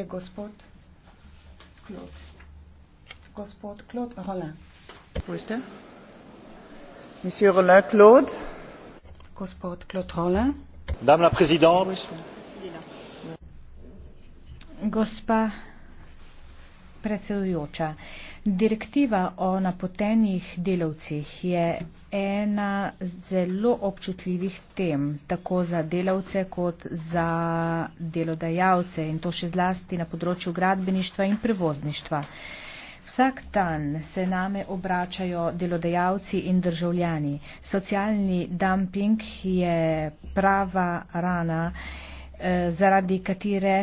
je gospod Klod. Gospod Klod Rolin. Pojste. Er? Monsieur Rolin Klod. Gospod Klod Rolin. Dame la présidente. Er? Gospa predsedujoča. Direktiva o napotenih delavcih je ena zelo občutljivih tem, tako za delavce kot za delodajalce in to še zlasti na področju gradbeništva in prevozništva. Vsak dan se name obračajo delodajalci in državljani. Socialni dumping je prava rana, eh, zaradi katere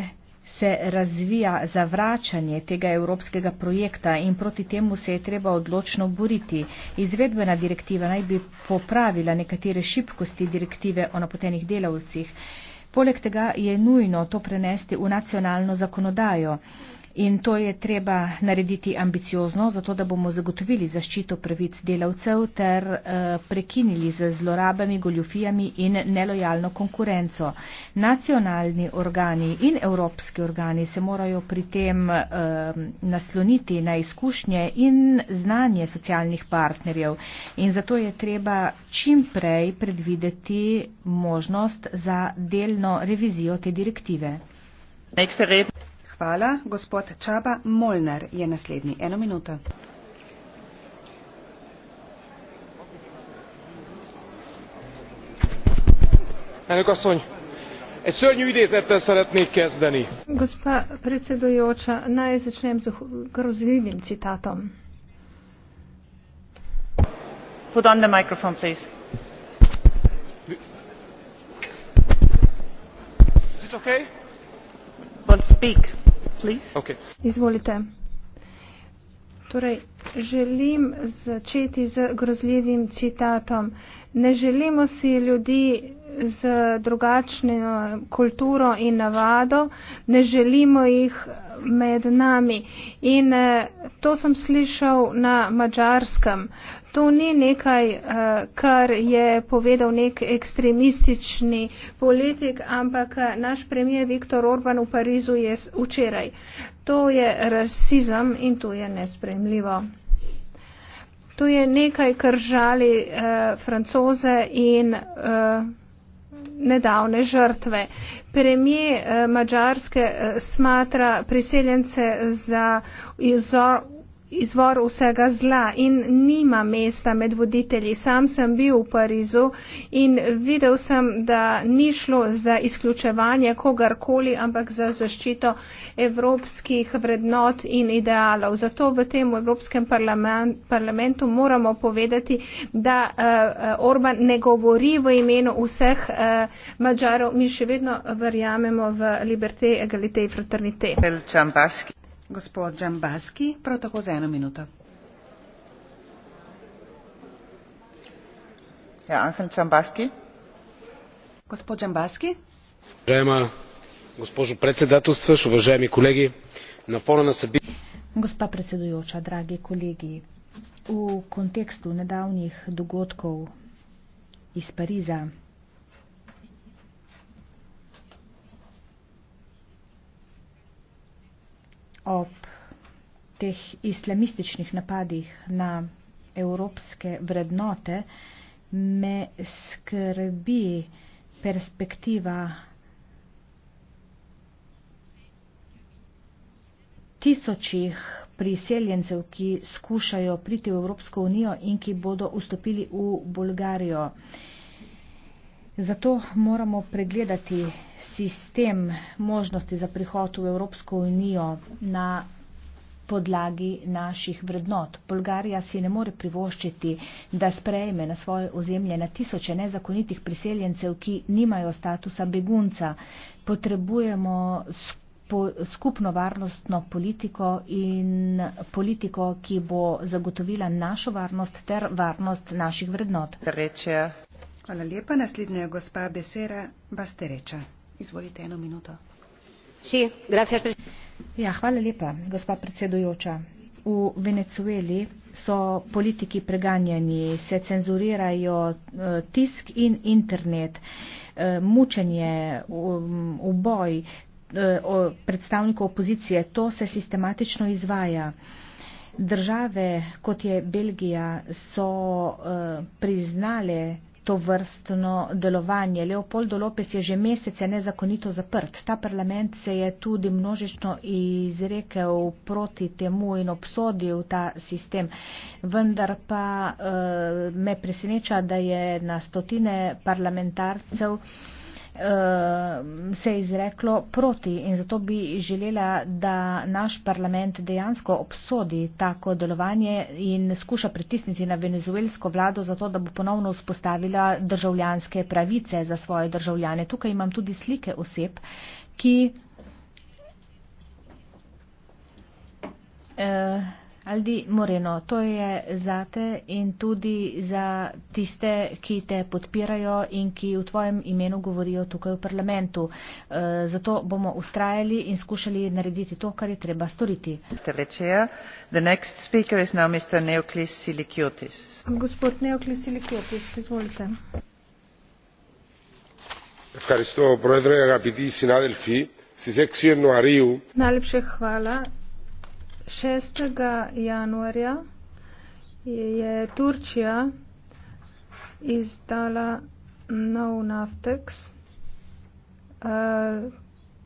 se razvija zavračanje tega evropskega projekta in proti temu se je treba odločno boriti. Izvedbena direktiva naj bi popravila nekatere šibkosti direktive o napotenih delavcih. Poleg tega je nujno to prenesti v nacionalno zakonodajo. In to je treba narediti ambiciozno, zato da bomo zagotovili zaščito pravic delavcev ter eh, prekinili z zlorabami, goljufijami in nelojalno konkurenco. Nacionalni organi in evropski organi se morajo pri tem eh, nasloniti na izkušnje in znanje socialnih partnerjev. In zato je treba čim prej predvideti možnost za delno revizijo te direktive. Nächste Redner. Hvala. Gospod Čaba Molnar je naslednji. Eno minuto. Enok asszony, egy szörnyű idézettel szeretnék kezdeni. Gospa Precedo Jócsa, na ez is nem grozlivim citátom. Put on the microphone, please. Is it okay? Well, speak. Izvolite. Torej, želim začeti z grozljivim citatom. Ne želimo si ljudi z drugačno kulturo in navado, ne želimo jih med nami. In eh, to sem slišal na mačarskem to ni nekaj, eh, kar je povedal nek ekstremistični politik, ampak eh, naš premijer Viktor Orban v Parizu je včeraj. To je rasizem in to je nespremljivo. To je nekaj, kar žali eh, francoze in nedavne žrtve. Premijer Mačarske smatra priseljence za izvor vsega zla in nima mesta med voditelji. Sam sem bil v Parizu in videl sem, da ni šlo za izključevanje kogarkoli, ampak za zaščito evropskih vrednot in idealov. Zato v tem Evropskem parlament, parlamentu moramo povedati, da uh, Orban ne govori v imenu vseh uh, eh, Mačarov. Mi še vedno verjamemo v liberte, egalite in fraternite. Gospod Džambaski, prav tako za eno minuto. Ja, Anhel Džambaski. Gospod Džambaski. Уважаема госпожо председателстваш, уважаеми колеги, на фона на събитието. Госпа председуюча, драги колеги, в контексту недавних догодков из Париза, ob teh islamističnih napadih na evropske vrednote, me skrbi perspektiva tisočih priseljencev, ki skušajo priti v Evropsko unijo in ki bodo vstopili v Bulgarijo. Uh, Zato moramo pregledati sistem možnosti za prihod v Evropsko unijo na podlagi naših vrednot. Bolgarija si ne more privoščiti, da sprejme na svoje ozemlje na tisoče nezakonitih priseljencev, ki nimajo statusa begunca. Potrebujemo skupno varnostno politiko in politiko, ki bo zagotovila našo varnost ter varnost naših vrednot. Rečejo. Hvala lepa. Naslednja je gospa Besera Bastereča. Izvolite eno minuto. Si, gracias, ja, hvala lepa, gospa predsedujoča. V Venecueli so politiki preganjani, se cenzurirajo eh, tisk in internet, eh, mučenje, um, uboj eh, predstavnikov opozicije, to se sistematično izvaja. Države, kot je Belgija, so priznale to vrstno delovanje. Leopold Lopes je že mesece nezakonito zaprt. Ta parlament se je tudi množično izrekel proti temu in obsodil ta sistem. Vendar pa uh, me preseneča, da je na stotine parlamentarcev uh, Eh, se je izreklo proti in zato bi želela, da naš parlament dejansko obsodi tako delovanje in skuša pritisniti na venezuelsko vlado zato, da bo ponovno vzpostavila državljanske pravice za svoje državljane. Tukaj imam tudi slike oseb, ki. Uh, Aldi Moreno, to je zate in tudi za tiste, ki te podpirajo in ki v tvojem imenu govorijo tukaj v parlamentu. Eh, zato bomo ustrajali in skušali narediti to, kar je treba storiti. Gospod Neoklis Silikiotis, izvolite. Najlepše hvala. 6. januarja je Turčija izdala nov naftex eh,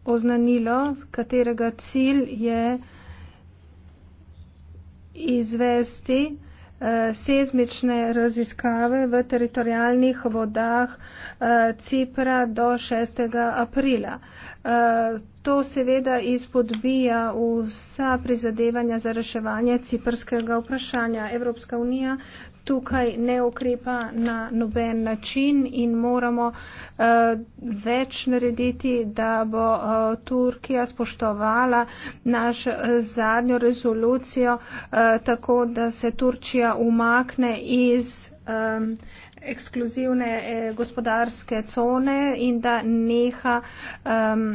oznanilo, katerega cilj je izvesti eh, sezmične raziskave v teritorijalnih vodah eh, Cipra do 6. aprila. To seveda izpodbija vsa prizadevanja za reševanje ciprskega vprašanja. Evropska unija tukaj ne ukrepa na noben način in moramo uh, več narediti, da bo uh, Turkija spoštovala naš uh, zadnjo rezolucijo, uh, tako da se Turčija umakne iz. Um, ekskluzivne eh, gospodarske cone in da neha um,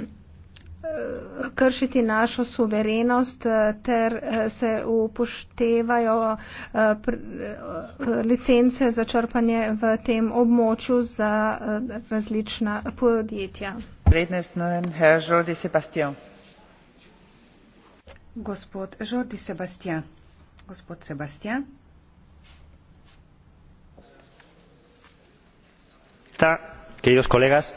kršiti našo suverenost eh, ter eh, se upoštevajo eh, licence za črpanje v tem območju za različna podjetja. No, Gospod Jordi Sebastian. Gospod Sebastian. Ta, queridos colegas,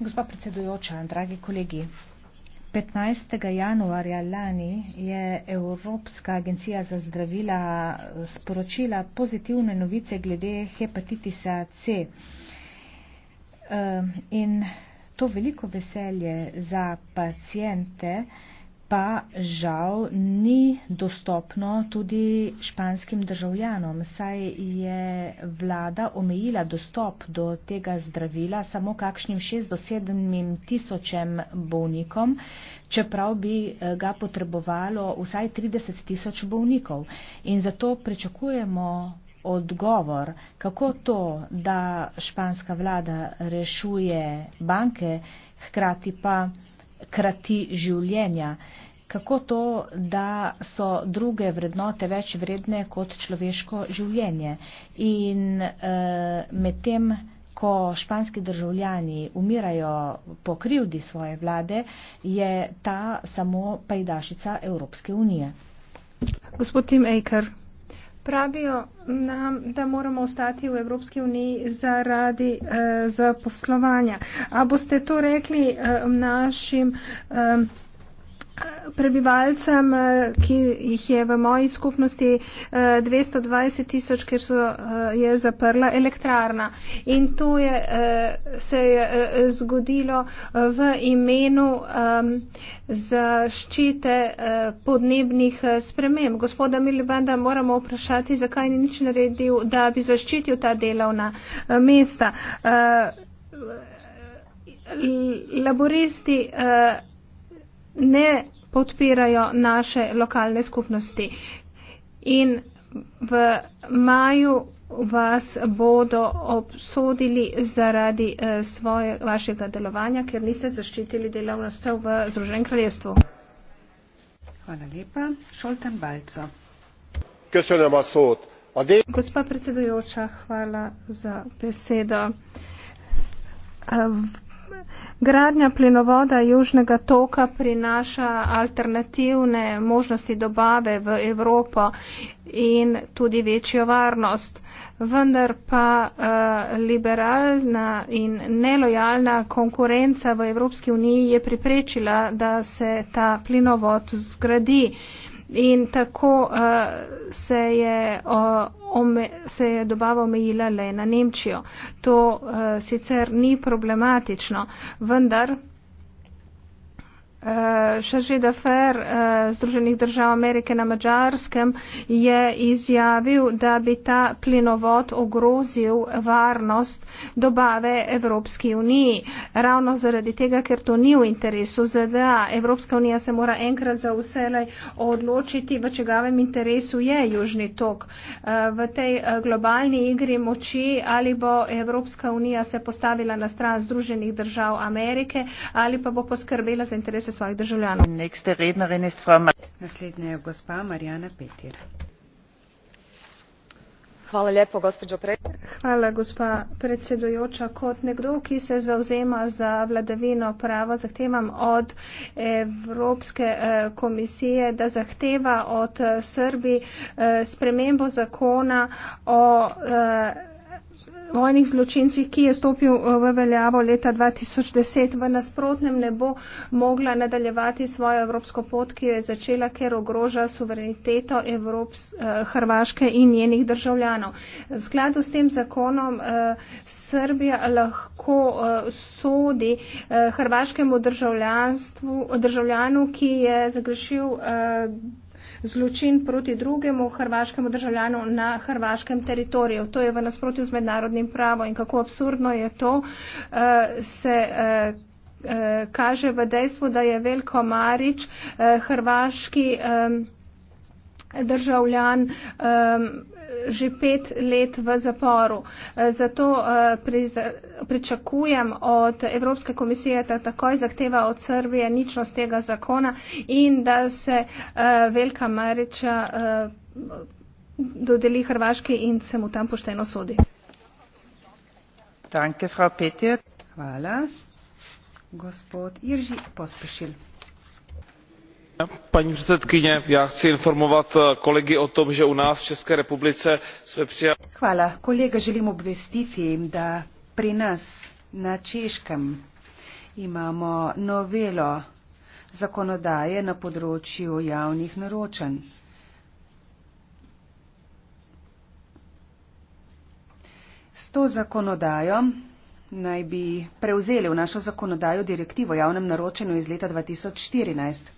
Gospa predsedujoča, dragi kolegi, 15. januarja lani je Evropska agencija za zdravila eh, sporočila pozitivne novice glede hepatitisa C. Eh, in to veliko veselje za pacijente, pa žal ni dostopno tudi španskim državljanom, saj je vlada omejila dostop do tega zdravila samo kakšnim 6 do 7 tisočem bolnikom, čeprav bi eh, ga potrebovalo vsaj 30 tisoč bolnikov. In zato pričakujemo odgovor, kako to, da španska vlada rešuje banke, hkrati pa krati življenja. Kako to, da so druge vrednote več vredne kot človeško življenje? In eh, medtem, ko španski državljani umirajo po krivdi svoje vlade, je ta samo pajdašica Evropske unije. Gospod Tim Eker, pravijo nam, da moramo ostati v Evropski uniji zaradi eh, zaposlovanja. A boste to rekli eh, našim eh, prebivalcem, eh, ki jih je v moji skupnosti 220 eh, tisoč, ker so, eh, je zaprla elektrarna. In to je, se je zgodilo v imenu ehm, zaščite podnebnih sprememb. Gospoda Milibanda moramo vprašati, zakaj ni nič naredil, da bi zaščitil ta delovna mesta. Laboristi ne podpirajo naše lokalne skupnosti. In v maju vas bodo obsodili zaradi eh, svoje, vašega delovanja, ker niste zaščitili delavnostev v Združenem kraljestvu. Hvala lepa. Šolten Balco. Köszönöm a szót. A dél... Gospa predsedujoča, hvala za besedo. Eh, gradnja plinovoda Južnega toka prinaša alternativne možnosti dobave v Evropo in tudi večjo varnost. Vendar pa uh, liberalna in nelojalna konkurenca v Evropski uniji je priprečila, da se ta plinovod zgradi. Uh, In tako uh, se, je, uh, ome, se je dobava omejila le na Nemčijo. To uh, sicer ni problematično, vendar. Šarže eh, uh, d'Affer uh, eh, Združenih držav Amerike na Mačarskem je izjavil, da bi ta plinovod ogrozil varnost dobave Evropski uniji. Ravno zaradi tega, ker to ni v interesu ZDA. Evropska unija se mora enkrat za vselej odločiti, v čegavem interesu je južni tok. Uh, v tej globalni igri moči ali bo Evropska unija se postavila na stran Združenih držav Amerike ali pa bo poskrbela za interese interese svojih državljanov. Hvala lepo, gospođo predsednica. Hvala, gospa predsedujoča. Kot nekdo, ki se zauzema za vladavino prava, zahtevam od Evropske eh, komisije, da zahteva od eh, Srbi eh, spremembo zakona o vojnih zločincih, ki je stopil eh, v veljavo leta 2010, v nasprotnem ne bo mogla nadaljevati svojo evropsko pot, ki jo je začela, ker ogroža suvereniteto Evrops, eh, Hrvaške in njenih državljanov. V skladu s tem zakonom eh, Srbija lahko sodi hrvaškemu državljanstvu, državljanu, ki je zagrešil zločin proti drugemu hrvaškemu državljanu na hrvaškem teritoriju. To je v nasprotju z mednarodnim pravom in kako absurdno je to, eh, se eh, eh, kaže v dejstvu, da je Veljko Marič hrvaški državljan že pet let v zaporu. Eh, zato eh, pričakujem od Evropske komisije, da takoj zahteva od Srbije ničnost tega zakona in da se eh, Velika Mariča dodeli Hrvaški in se mu tam pošteno sodi. Danke, Frau Petir. Hvala. Gospod Irži Pospešil paní předsedající já chci informovat eh, kolegy o tom že u nás v české republice jsme přijali. kolega želim obvestiti da pri nas na češkem imamo novelo zakonodaje na področju javnih naročanj. S to zakonodajo naj bi prevzeli v našo zakonodajo direktivo o javnem naročanju iz leta dva tisoč štirinajst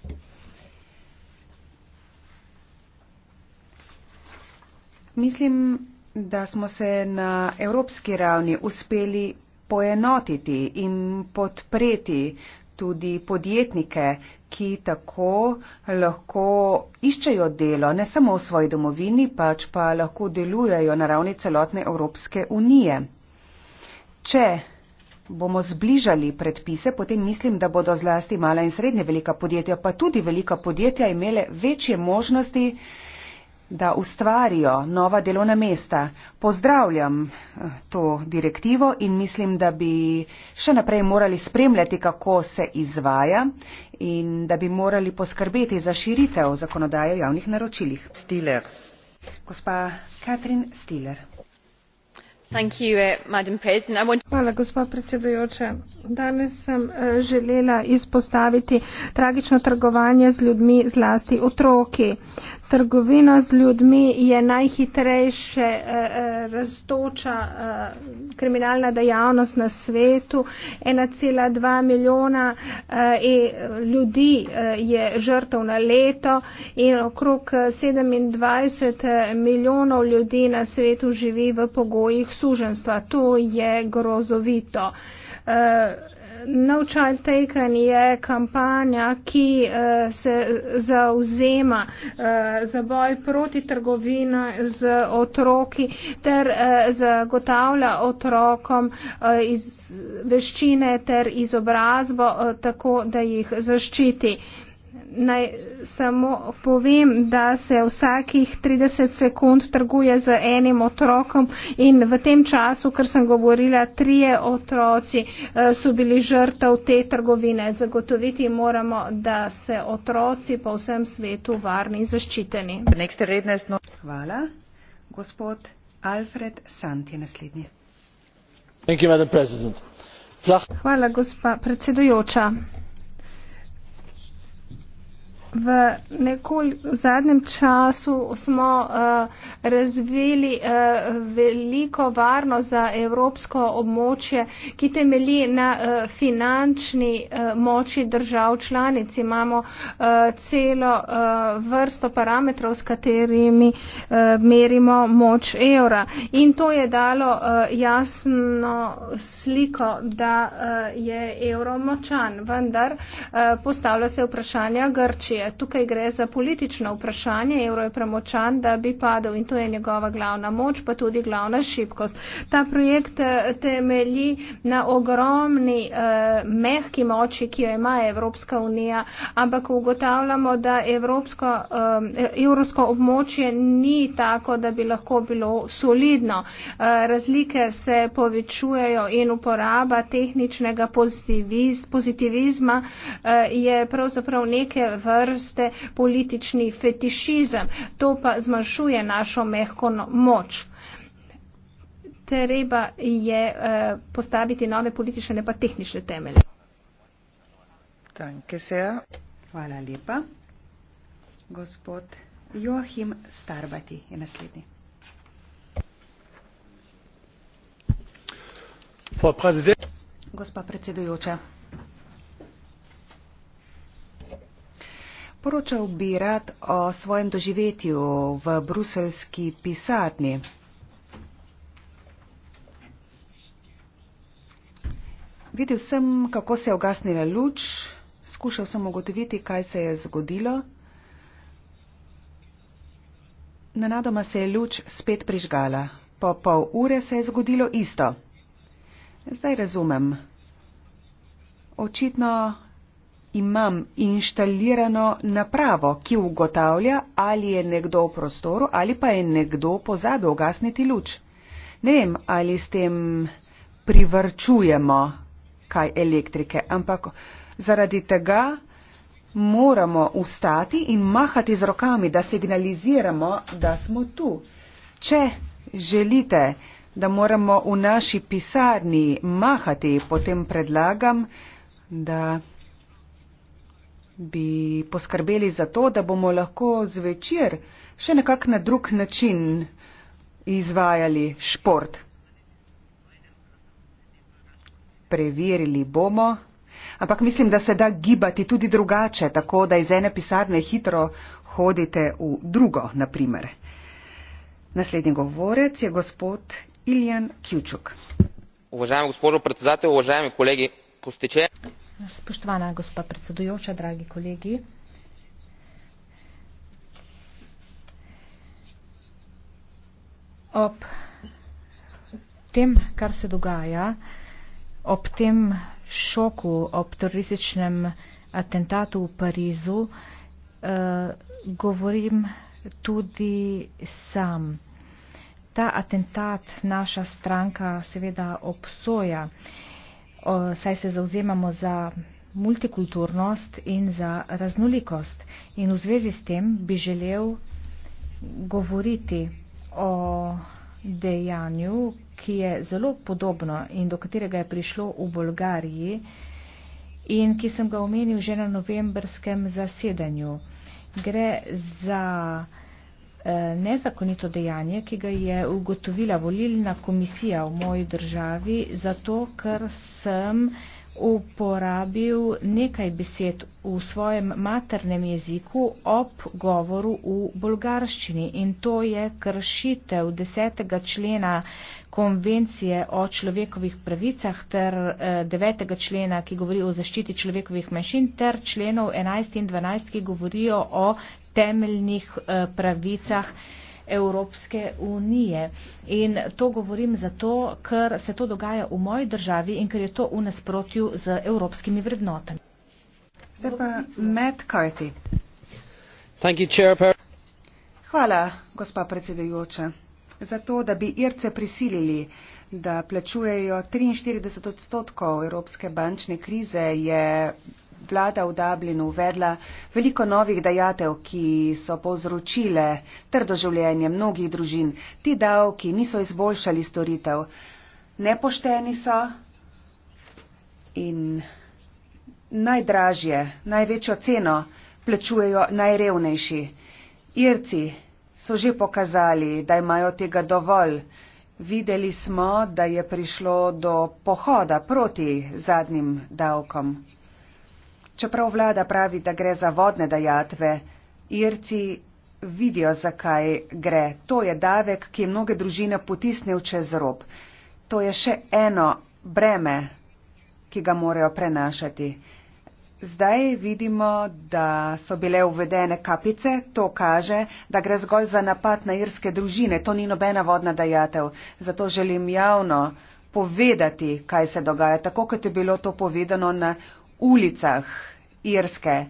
Mislim, da smo se na evropski ravni uspeli poenotiti in podpreti tudi podjetnike, ki tako lahko iščejo delo ne samo v svoji domovini, pač pa lahko delujejo na ravni celotne Evropske unije. Če bomo zbližali predpise, potem mislim, da bodo zlasti mala in srednje velika podjetja, pa tudi velika podjetja imele večje možnosti, da ustvarijo nova delovna mesta. Pozdravljam eh, to direktivo in mislim, da bi še naprej morali spremljati, kako se izvaja in da bi morali poskrbeti za širitev zakonodaje o javnih naročilih. Stiller. Gospa Katrin Stiller. Eh, danes sem eh, želela izpostaviti tragično trgovanje z ljudmi zlasti otroki trgovina z ljudmi je najhitrejše eh, rastoča kriminalna dejavnost na svetu ena cela dva milijona e, ljudi je žrtev na leto in okrog sedemindvajset milijonov ljudi na svetu živi v pogojih suženstva. To je grozovito. Eh, no Child Taken je kampanja, ki eh, se zauzema eh, za boj proti trgovini z otroki ter zagotavlja otrokom veščine ter izobrazbo tako, da jih zaščiti naj samo povem, da se vsakih 30 sekund trguje z enim otrokom in v tem času, ker sem govorila, trije otroci eh, so bili žrtev te trgovine. Zagotoviti moramo, da se otroci po vsem svetu varni in zaščiteni. Hvala. Gospod Alfred Sant je naslednji. Hvala, gospa predsedujoča v nekol, v zadnjem času smo uh, razvili uh, veliko varno za evropsko območje, ki temelji na uh, finančni uh, moči držav članic. Imamo uh, celo uh, vrsto parametrov, s katerimi uh, merimo moč evra. In to je dalo uh, jasno sliko, da uh, je evro močan. Vendar uh, postavlja se vprašanja Grčije je. Tukaj gre za politično vprašanje. Evro je premočan, da bi padel in to je njegova glavna moč, pa tudi glavna šibkost. Ta projekt eh, temelji na ogromni eh, mehki moči, ki jo ima Evropska unija, ampak ugotavljamo, da evropsko, eh, evropsko območje ni tako, da bi lahko bilo solidno. Eh, razlike se povečujejo in uporaba tehničnega pozitivizma eh, je pravzaprav neke vrste vrste politični fetišizem. To pa zmanjšuje našo mehko no-, moč. Treba je eh, postaviti nove politične, ne pa tehnične temelje. Hvala lepa. Gospod Joachim Starbati je naslednji. Gospa predsedujoča, Poročal bi rad o svojem doživetju v bruselski pisarni. Videl sem, kako se je ogasnila luč, skušal sem ugotoviti, kaj se je zgodilo. Nenadoma se je luč spet prižgala. Po pol ure se je zgodilo isto. Zdaj razumem. Očitno imam inštalirano napravo, ki ugotavlja, ali je nekdo v prostoru ali pa je nekdo pozabil ugasniti luč. Ne vem, ali s tem privrčujemo kaj elektrike, ampak zaradi tega moramo ustati in mahati z rokami, da signaliziramo, da smo tu. Če želite, da moramo v naši pisarni mahati, potem predlagam, da bi poskrbeli za to, da bomo lahko zvečer še nekak na drug način izvajali šport. Preverili bomo, ampak mislim, da se da gibati tudi drugače, tako da iz ene pisarne hitro hodite v drugo, naprimer. Naslednji govorec je gospod Iljan Kjučuk. Uvažajem gospodu predsedatelju, uvažajem kolegi Kustiče. Spoštovana gospa predsedujoča, dragi kolegi. Ob tem, kar se dogaja, ob tem šoku, ob terorističnem atentatu v Parizu, eh, govorim tudi sam. Ta atentat naša stranka seveda obsoja. Eh, saj se zauzemamo za multikulturnost in za raznolikost. In v zvezi s tem bi želel govoriti o dejanju, ki je zelo podobno in do katerega je prišlo v Bolgariji in ki sem ga omenil že na novembrskem zasedanju. Gre za Eh, nezakonito dejanje, ki ga je ugotovila volilna komisija v moji državi, zato ker sem uporabil nekaj besed v svojem maternem jeziku ob govoru v bolgarščini in to je kršitev desetega člena konvencije o človekovih pravicah ter eh, devetega člena, ki govori o zaščiti človekovih manjšin, ter členov 11 in 12, ki govorijo o temeljnih eh, pravicah. Evropske unije. In to govorim zato, ker se to dogaja v moji državi in ker je to v nasprotju z evropskimi vrednotami. Zdaj pa Matt Carthy. Hvala, gospa predsedujoča zato, da bi Irce prisilili, da plačujejo 43 odstotkov evropske bančne krize, je vlada v Dublinu uvedla veliko novih dajatev, ki so povzročile trdo življenje mnogih družin. Ti davki niso izboljšali storitev. Nepošteni so in najdražje, največjo ceno plačujejo najrevnejši. Irci so že pokazali, da imajo tega dovolj. Videli smo, da je prišlo do pohoda proti zadnjim davkom. Čeprav vlada pravi, da gre za vodne dajatve, Irci vidijo, zakaj gre. To je davek, ki je mnoge družine potisnil čez rob. To je še eno breme, ki ga morajo prenašati. Zdaj vidimo, da so bile uvedene kapice. To kaže, da gre zgolj za napad na irske družine. To ni nobena vodna dajatev. Zato želim javno povedati, kaj se dogaja, tako kot je bilo to povedano na ulicah Irske.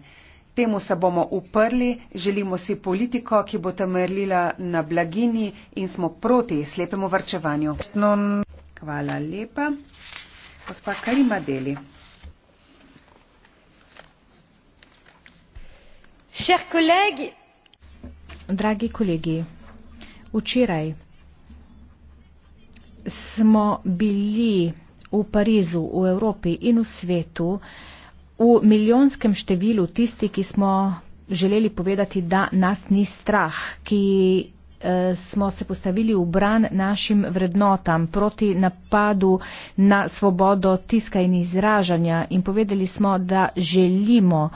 Temu se bomo uprli, želimo si politiko, ki bo temrlila na blagini in smo proti slepemu vrčevanju. Hvala lepa. Gospa Karima Deli. Chers collègues, dragi kolegi, včeraj smo bili v Parizu, v Evropi in v svetu v milijonskem številu tisti, ki smo želeli povedati, da nas ni strah, ki eh, smo se postavili v bran našim vrednotam proti napadu na svobodo tiska in izražanja in povedali smo, da želimo,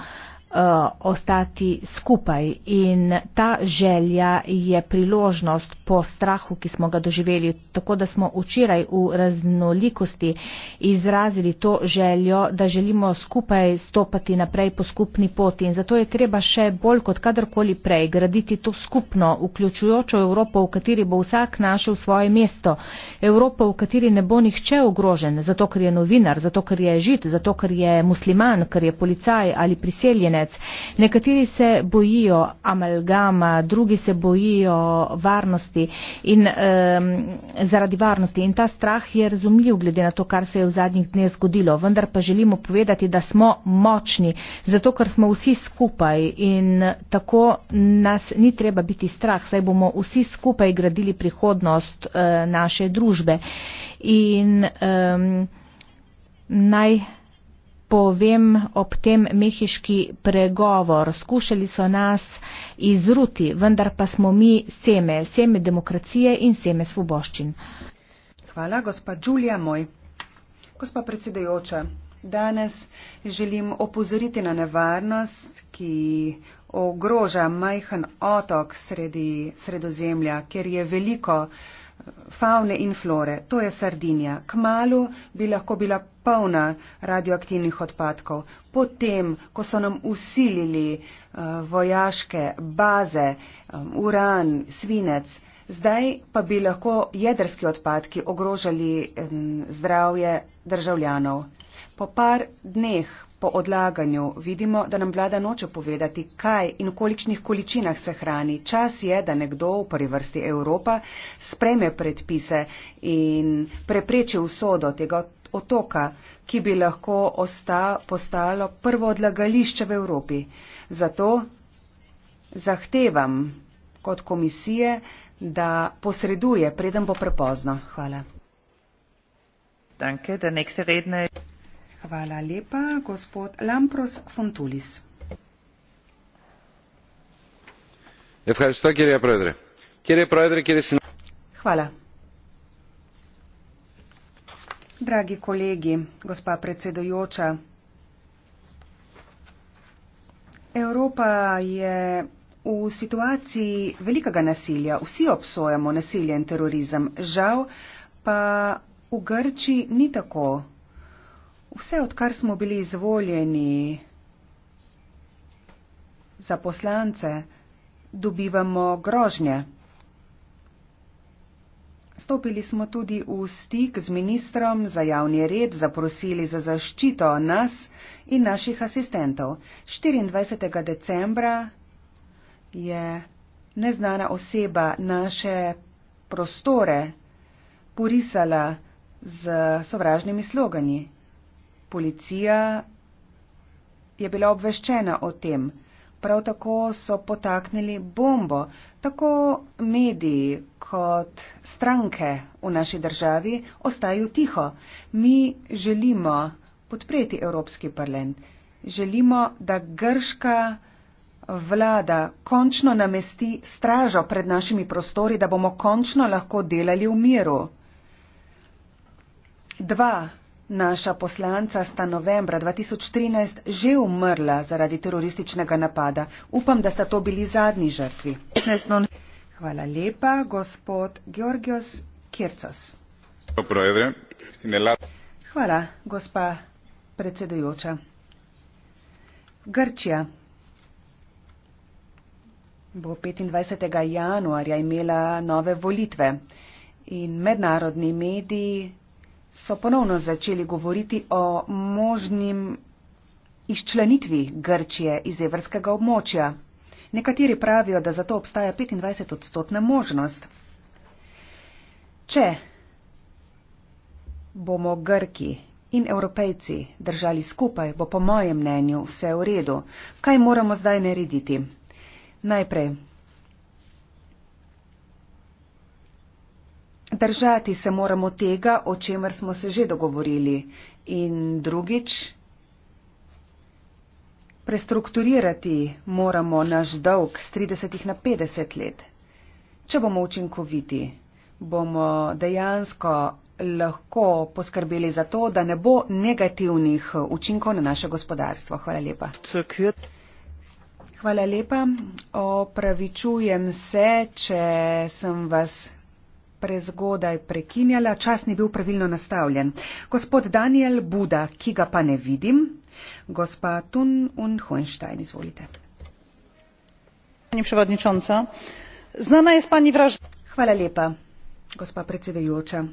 Eh, ostati skupaj in ta želja je priložnost po strahu, ki smo ga doživeli, tako da smo včeraj v raznolikosti izrazili to željo, da želimo skupaj stopati naprej po skupni poti in zato je treba še bolj kot kadarkoli prej graditi to skupno, vključujočo Evropo, v kateri bo vsak našel svoje mesto, Evropo, v kateri ne bo nihče ogrožen, zato ker je novinar, zato ker je žid, zato ker je musliman, ker je policaj ali priseljene konec. Nekateri se bojijo amalgama, drugi se bojijo varnosti in um, zaradi varnosti. In ta strah je razumljiv, glede na to, kar se je v zadnjih dneh zgodilo. Vendar pa želimo povedati, da smo močni, zato ker smo vsi skupaj in tako nas ni treba biti strah, saj bomo vsi skupaj gradili prihodnost uh, naše družbe. In um, naj povem ob tem mehiški pregovor. Skušali so nas izruti, vendar pa smo mi seme, seme demokracije in seme svoboščin. Hvala, gospa Đulija moj. Gospa predsedajoča, danes želim opozoriti na nevarnost, ki ogroža majhen otok sredi, sredozemlja, ker je veliko favne in flore, to je Sardinija. Kmalo bi lahko bila polna radioaktivnih odpadkov. Potem, ko so nam usilili uh, vojaške baze, um, uran, svinec, zdaj pa bi lahko jedrski odpadki ogrožali um, zdravje državljanov. Po par dneh, Po odlaganju vidimo, da nam vlada noče povedati, kaj in v kolikšnih količinah se hrani. Čas je, da nekdo, v prvi vrsti Evropa, spreme predpise in prepreči usodo tega otoka, ki bi lahko osta, postalo prvo odlagališče v Evropi. Zato zahtevam kot komisije, da posreduje, preden bo prepozno. Hvala. Danke, Hvala lepa, gospod Lampros Fontulis. Hvala. Dragi kolegi, gospa predsedujoča, Evropa je v situaciji velikega nasilja. Vsi obsojamo nasilje in terorizem. Žal pa v Grči ni tako vse odkar smo bili izvoljeni za poslance, dobivamo grožnje. Stopili smo tudi v stik z ministrom za javni red, zaprosili za zaščito nas in naših asistentov. 24. decembra je neznana oseba naše prostore purisala z sovražnimi sloganji. Policija je bila obveščena o tem. Prav tako so potaknili bombo. Tako mediji kot stranke v naši državi ostajajo tiho. Mi želimo podpreti Evropski parlament. Želimo, da grška vlada končno namesti stražo pred našimi prostori, da bomo končno lahko delali v miru. Dva Naša poslanca sta novembra 2013 že umrla zaradi terorističnega napada. Upam, da sta to bili zadnji žrtvi. Hvala lepa, gospod Georgios Kircos. Hvala, gospa predsedujoča. Grčija bo 25. januarja imela nove volitve in mednarodni mediji so ponovno začeli govoriti o možnim izčlenitvi Grčije iz evrskega območja. Nekateri pravijo, da za to obstaja 25 odstotna možnost. Če bomo Grki in Evropejci držali skupaj, bo po mojem mnenju vse v redu. Kaj moramo zdaj narediti? Najprej Držati se moramo tega, o čemer smo se že dogovorili. In drugič, prestrukturirati moramo naš dolg z 30 na 50 let. Če bomo učinkoviti, bomo dejansko lahko poskrbeli za to, da ne bo negativnih učinkov na naše gospodarstvo. Hvala lepa. Hvala lepa. Opravičujem se, če sem vas prezgodaj prekinjala, čas ni bil pravilno nastavljen. Gospod Daniel Buda, ki ga pa ne vidim, gospa Tun und Hohenstein, izvolite. Hvala lepa, gospa predsedujoča.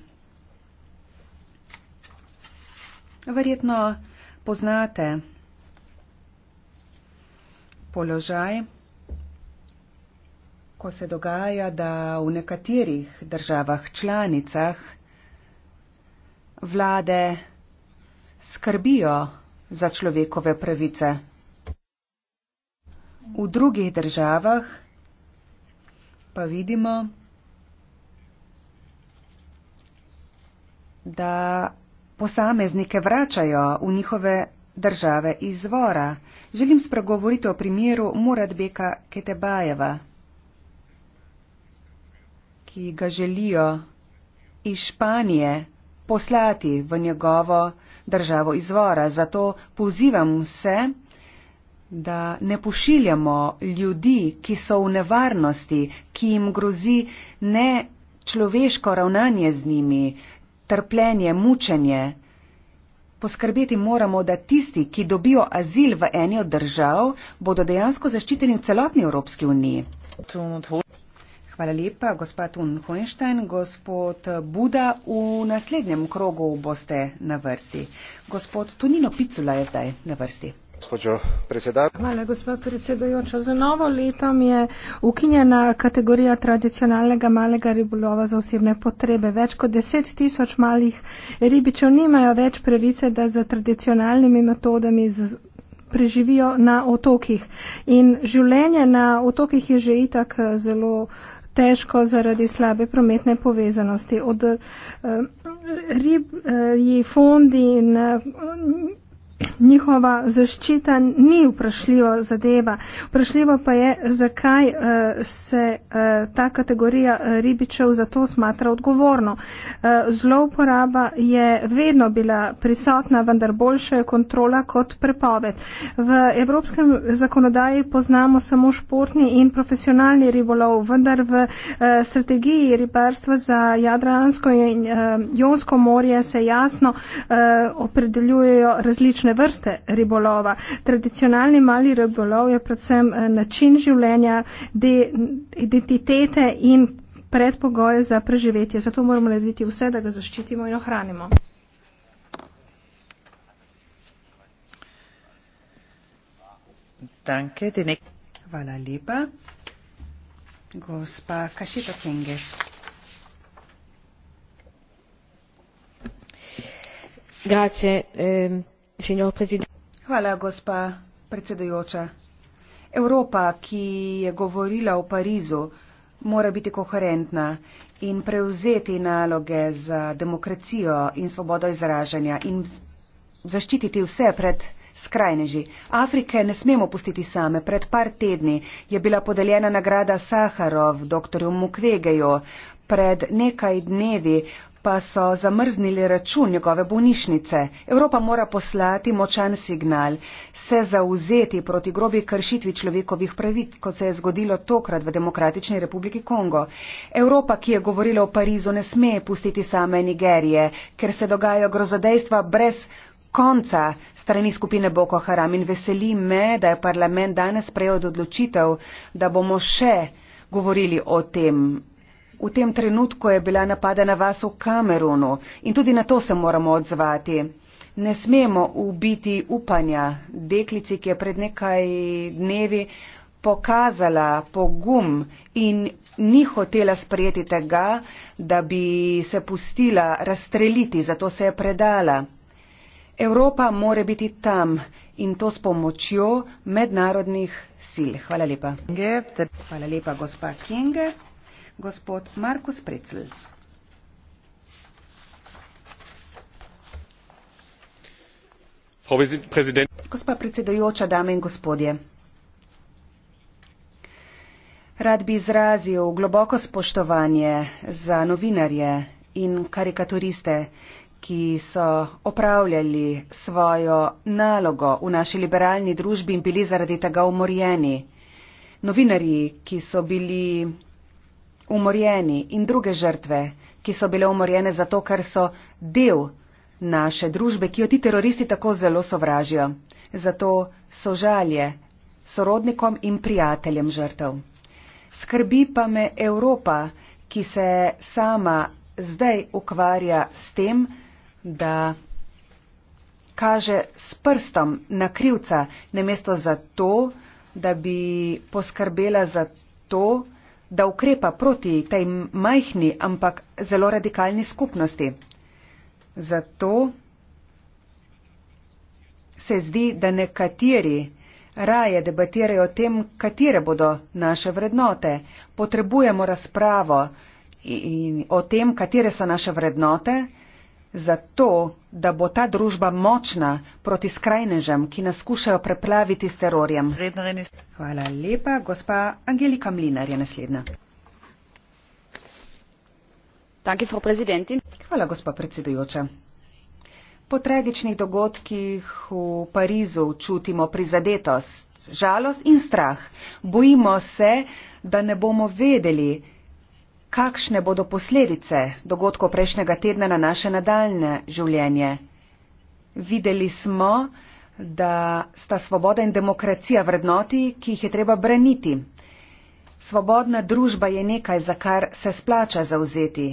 Verjetno poznate položaj ko se dogaja, da v nekaterih državah članicah vlade skrbijo za človekove pravice. V drugih državah pa vidimo, da posameznike vračajo v njihove države izvora. Želim spregovoriti o primeru Murad Beka Ketebajeva ki ga želijo iz Španije poslati v njegovo državo izvora. Zato pozivam vse, da ne pošiljamo ljudi, ki so v nevarnosti, ki jim grozi ne človeško ravnanje z njimi, trpljenje, mučenje. Poskrbeti moramo, da tisti, ki dobijo azil v eni od držav, bodo dejansko zaščiteni v celotni Evropski uniji. Hvala lepa, gospod Tun Hoenstein. Gospod Buda, v naslednjem krogu boste na vrsti. Gospod Tonino Picula je zdaj na vrsti. Hvala, gospod predsedojočo. Za novo leto mi je ukinjena kategorija tradicionalnega malega ribolova za osebne potrebe. Več kot deset tisoč malih ribičev nimajo več pravice, da za tradicionalnimi metodami preživijo na otokih. In življenje na otokih je že itak eh, zelo težko zaradi slabe prometne povezanosti. Od uh, rib, uh, fondi in uh, njihova zaščita ni vprašljiva zadeva. Vprašljivo pa je, zakaj eh, se eh, ta kategorija eh, ribičev za to smatra odgovorno. Zlouporaba je vedno bila prisotna, vendar boljša je kontrola kot prepoved. V evropskem zakonodaji poznamo samo športni in profesionalni ribolov, vendar v strategiji ribarstva za Jadransko in Jonsko morje se jasno opredeljujejo različne vrste ribolova. Tradicionalni mali ribolov je predvsem eh, način življenja, de, identitete in predpogoje za preživetje. Zato moramo narediti vse, da ga zaščitimo in ohranimo. Danke, denek. Hvala lepa. Gospa Kašita Kenge. Grazie. Eh. Hvala, gospa predsedujoča. Evropa, ki je govorila o Parizu, mora biti koherentna in prevzeti naloge za demokracijo in svobodo izražanja in zaščititi vse pred skrajneži. Afrike ne smemo pustiti same. Pred par tedni je bila podeljena nagrada Saharov dr. Mukvegejo. Pred nekaj dnevi pa so zamrznili račun njegove bolnišnice. Evropa mora poslati močan signal, se zauzeti proti grobi kršitvi človekovih pravic, kot se je zgodilo tokrat v Demokratični republiki Kongo. Evropa, ki je govorila o Parizu, ne sme pustiti same Nigerije, ker se dogajajo grozodejstva brez. Konca strani skupine Boko Haram in veseli me, da je parlament danes prejel odločitev, da bomo še govorili o tem V tem trenutku je bila napadena vas v Kamerunu in tudi na to se moramo odzvati. Ne smemo ubiti upanja deklici, ki je pred nekaj dnevi pokazala pogum in ni hotela sprejeti tega, da bi se pustila razstreliti, zato se je predala. Evropa more biti tam in to s pomočjo mednarodnih sil. Hvala lepa. Hvala lepa, gospa King gospod Markus Precl. Gospa predsedojoča, dame in gospodje. Rad bi izrazil globoko spoštovanje za novinarje in karikaturiste, ki so opravljali svojo nalogo v naši liberalni družbi in bili zaradi tega umorjeni. Novinarji, ki so bili umorjeni in druge žrtve, ki so bile umorjene zato, ker so del naše družbe, ki jo ti teroristi tako zelo sovražijo. Zato so žalje sorodnikom in prijateljem žrtev. Skrbi pa me Evropa, ki se sama zdaj ukvarja s tem, da kaže s prstom na krivca, namesto za to, da bi poskrbela za to, da ukrepa proti tej majhni, ampak zelo radikalni skupnosti. Zato se zdi, da nekateri raje debatirajo o tem, katere bodo naše vrednote. Potrebujemo razpravo in, in, o tem, katere so naše vrednote zato, da bo ta družba močna proti skrajnežem, ki nas skušajo preplaviti s terorjem. Hvala lepa. Gospa Angelika Mlinar je naslednja. Hvala, gospa predsedujoča. Po tragičnih dogodkih v Parizu čutimo prizadetost, žalost in strah. Bojimo se, da ne bomo vedeli, kakšne bodo posledice dogodkov prejšnjega tedna na naše nadaljne življenje. Videli smo, da sta svoboda in demokracija vrednoti, ki jih je treba braniti. Svobodna družba je nekaj, za kar se splača zauzeti.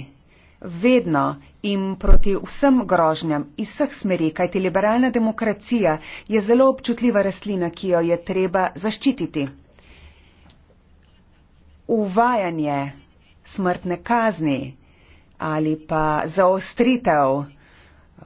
Vedno in proti vsem grožnjam iz vseh smeri, kajti liberalna demokracija je zelo občutljiva rastlina, ki jo je treba zaščititi. Uvajanje smrtne kazni ali pa zaostritev eh,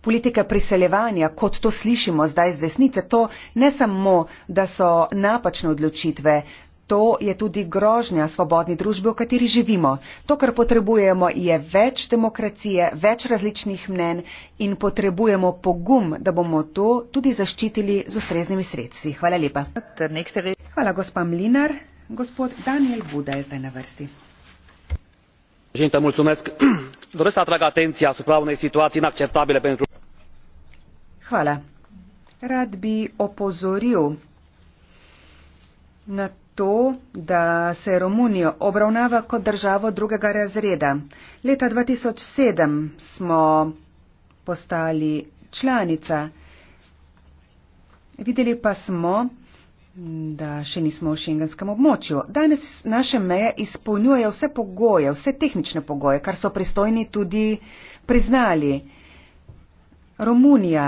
politike priseljevanja, kot to slišimo zdaj z desnice, to ne samo, da so napačne odločitve, to je tudi grožnja svobodni družbi, v kateri živimo. To, kar potrebujemo, je več demokracije, več različnih mnen in potrebujemo pogum, da bomo to tudi zaščitili z ustreznimi sredstvi. Hvala lepa. Hvala, gospa Mlinar. Gospod Daniel Buda je zdaj na vrsti președinte doresc să atrag atenția asupra unei situații inacceptabile pentru. rugby opozoril na to, da se Romunijo obravnava kot državo drugega razreda. Leta 2007 smo postali članica, videli pa smo, da še nismo v šengenskem območju. Danes naše meje izpolnjujejo vse pogoje, vse tehnične pogoje, kar so pristojni tudi priznali. Romunija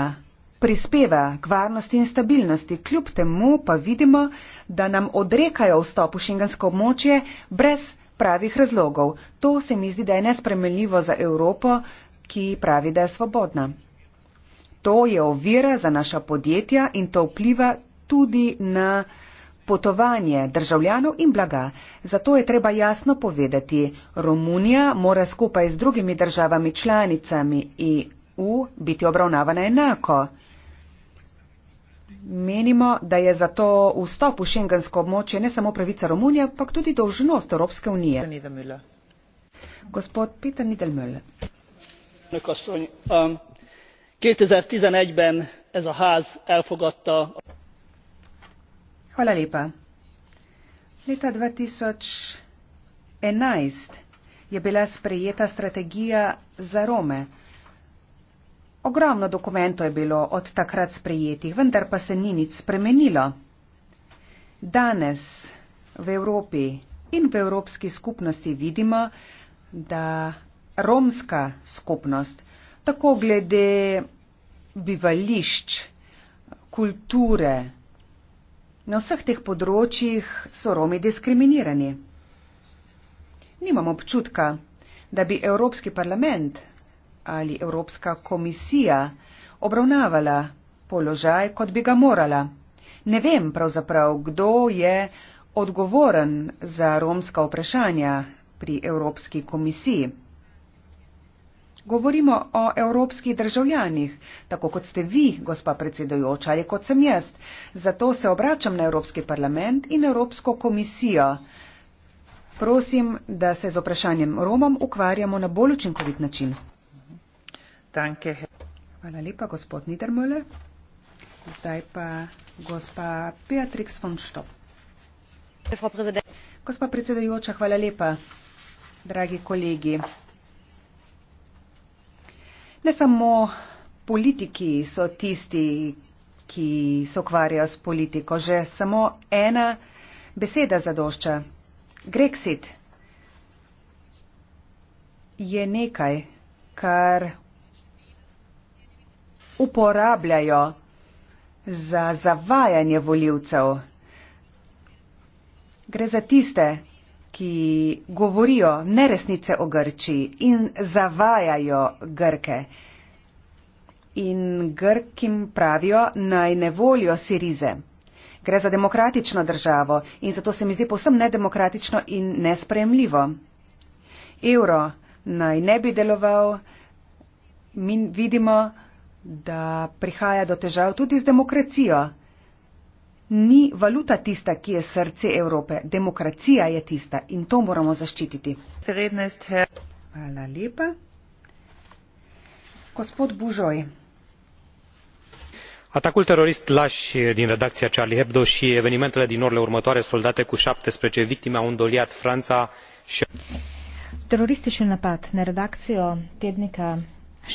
prispeva k varnosti in stabilnosti, kljub temu pa vidimo, da nam odrekajo vstop v šengensko območje brez pravih razlogov. To se mi zdi, da je nespremljivo za Evropo, ki pravi, da je svobodna. To je ovira za naša podjetja in to vpliva tudi na potovanje državljanov in blaga. Zato je treba jasno povedati, Romunija mora skupaj z drugimi državami članicami EU biti obravnavana enako. Menimo, da je zato vstop v šengensko območje ne samo pravica Romunije, ampak tudi dolžnost Evropske unije. Gospod Peter Nidelmüll. Um, 2011-ben ez a ház elfogadta. Hvala lepa. Leta 2011 je bila sprejeta strategija za Rome. Ogromno dokumentov je bilo od takrat sprejetih, vendar pa se ni nič spremenilo. Danes v Evropi in v Evropski skupnosti vidimo, da romska skupnost, tako glede bivališč, kulture, Na vseh teh področjih so Romi diskriminirani. Nimamo občutka, da bi Evropski parlament ali Evropska komisija obravnavala položaj, kot bi ga morala. Ne vem pravzaprav, kdo je odgovoren za romska vprašanja pri Evropski komisiji. Govorimo o evropskih državljanih, tako kot ste vi, gospa predsedojoča, ali kot sem jaz. Zato se obračam na Evropski parlament in Evropsko komisijo. Prosim, da se z vprašanjem Romom ukvarjamo na bolj učinkovit način. Danke. Hvala lepa, gospod Niedermüller. Zdaj pa gospa Beatrix von Stopp. Gospa predsedujoča, hvala lepa, dragi kolegi. Ne samo politiki so tisti, ki se ukvarjajo s politiko, že samo ena beseda zadošča. Grexit je nekaj, kar uporabljajo za zavajanje voljivcev. Gre za tiste, ki govorijo neresnice o Grčiji in zavajajo Grke. In Grkim pravijo naj ne volijo Sirize. Gre za demokratično državo in zato se mi zdi posebno nedemokratično in nespremljivo. Evro naj ne bi deloval, mi vidimo, da prihaja do težav tudi z demokracijo ni valuta tista, ki je srce Evrope, demokracija je tista in to moramo zaščititi. Hvala lepa. Gospod Bužoj. Atacul terorist lași din redacția Charlie Hebdo și evenimentele din orele următoare, soldate cu 17 victime au îndoliat Franța și... Teroristici napad na redakcijo tednika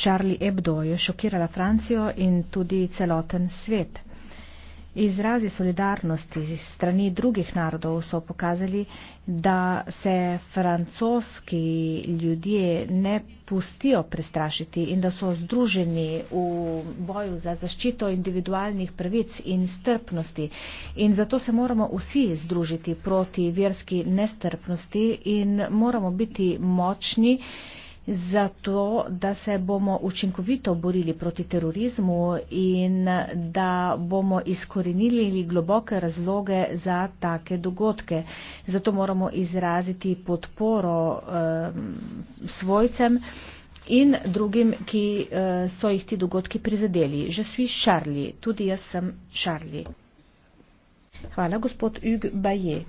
Charlie Hebdo je šokirala Francijo in tudi celoten svet. Izrazi solidarnosti strani drugih narodov so pokazali, da se francoski ljudje ne pustijo prestrašiti in da so združeni v boju za zaščito individualnih pravic in strpnosti. In zato se moramo vsi združiti proti verski nestrpnosti in moramo biti močni zato, da se bomo učinkovito borili proti terorizmu in da bomo izkorenili globoke razloge za take dogodke. Zato moramo izraziti podporo eh, svojcem in drugim, ki eh, so jih ti dogodki prizadeli. Že svi Šarli, tudi jaz sem Šarli. Hvala, gospod Hugues Baje.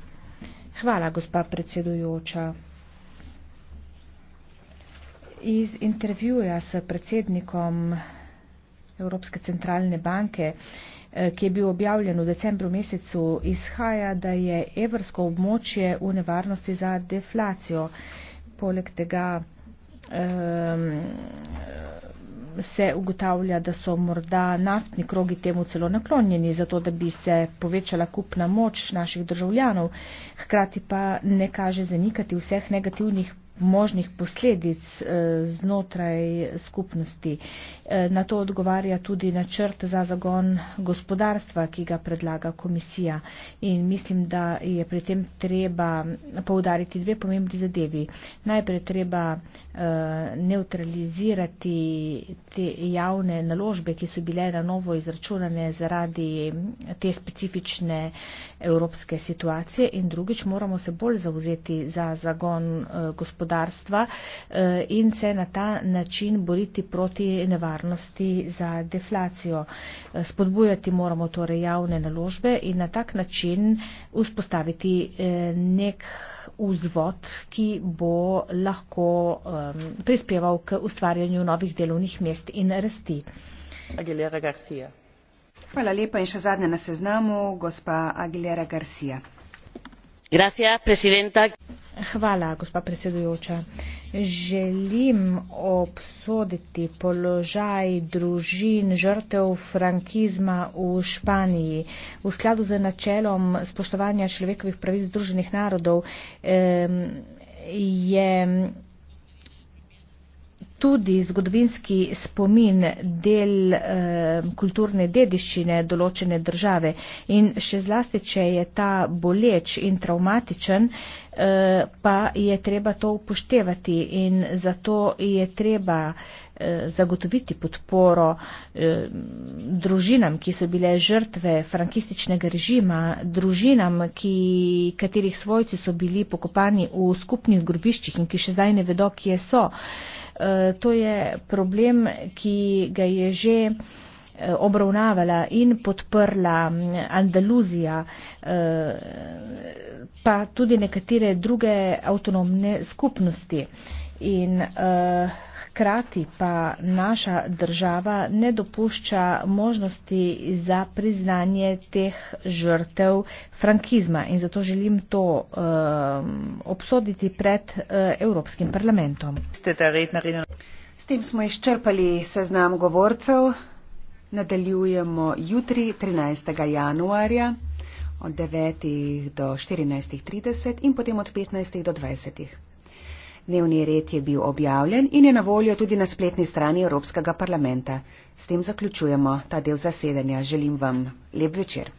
Hvala, gospa predsedujoča iz intervjuja s predsednikom Evropske centralne banke, eh, ki je bil objavljen v decembru mesecu, izhaja, da je evrsko območje v nevarnosti za deflacijo. Poleg tega um, se ugotavlja, da so morda naftni krogi temu celo naklonjeni, zato da bi se povečala kupna moč naših državljanov, hkrati pa ne kaže zanikati vseh negativnih možnih posledic eh, znotraj skupnosti. Eh, na to odgovarja tudi načrt za zagon gospodarstva, ki ga predlaga komisija. In mislim, da je pri tem treba poudariti dve pomembni zadevi. Najprej treba eh, neutralizirati te javne naložbe, ki so bile na novo izračunane zaradi te specifične evropske situacije. In drugič, moramo se bolj zauzeti za zagon gospodarstva gospodarstva eh, in se na ta način boriti proti nevarnosti za deflacijo. Eh, spodbujati moramo torej javne naložbe in na tak način vzpostaviti eh, nek vzvod, ki bo lahko prispeval k ustvarjanju novih delovnih mest in rasti. Aguilera Garcia. Hvala lepa in še zadnja na seznamu, gospa Aguilera Garcia hvala gospa predsedujoča želim obsoditi položaj družin žrtev frankizma v španiji v skladu z načelom spoštovanja človekovih pravic združenih narodov je eh, tudi zgodovinski spomin del eh, kulturne dediščine določene države in še zlasti, če je ta boleč in traumatičen, eh, pa je treba to upoštevati in zato je treba eh, zagotoviti podporo eh, družinam, ki so bile žrtve frankističnega režima, družinam, ki, katerih svojci so bili pokopani v skupnih grobiščih in ki še zdaj ne vedo, kje so. Eh, to je problem, ki ga je že eh, obravnavala in podprla mm, Andaluzija, eh, pa tudi nekatere druge avtonomne skupnosti. In, uh, Hkrati pa naša država ne dopušča možnosti za priznanje teh žrtev frankizma in zato želim to um, obsoditi pred uh, Evropskim parlamentom. S tem smo izčrpali seznam govorcev. Nadaljujemo jutri, 13. januarja, od 9. do 14.30 in potem od 15. do 20. Dnevni red je bil objavljen in je na voljo tudi na spletni strani Evropskega parlamenta. S tem zaključujemo ta del zasedanja. Želim vam lep večer.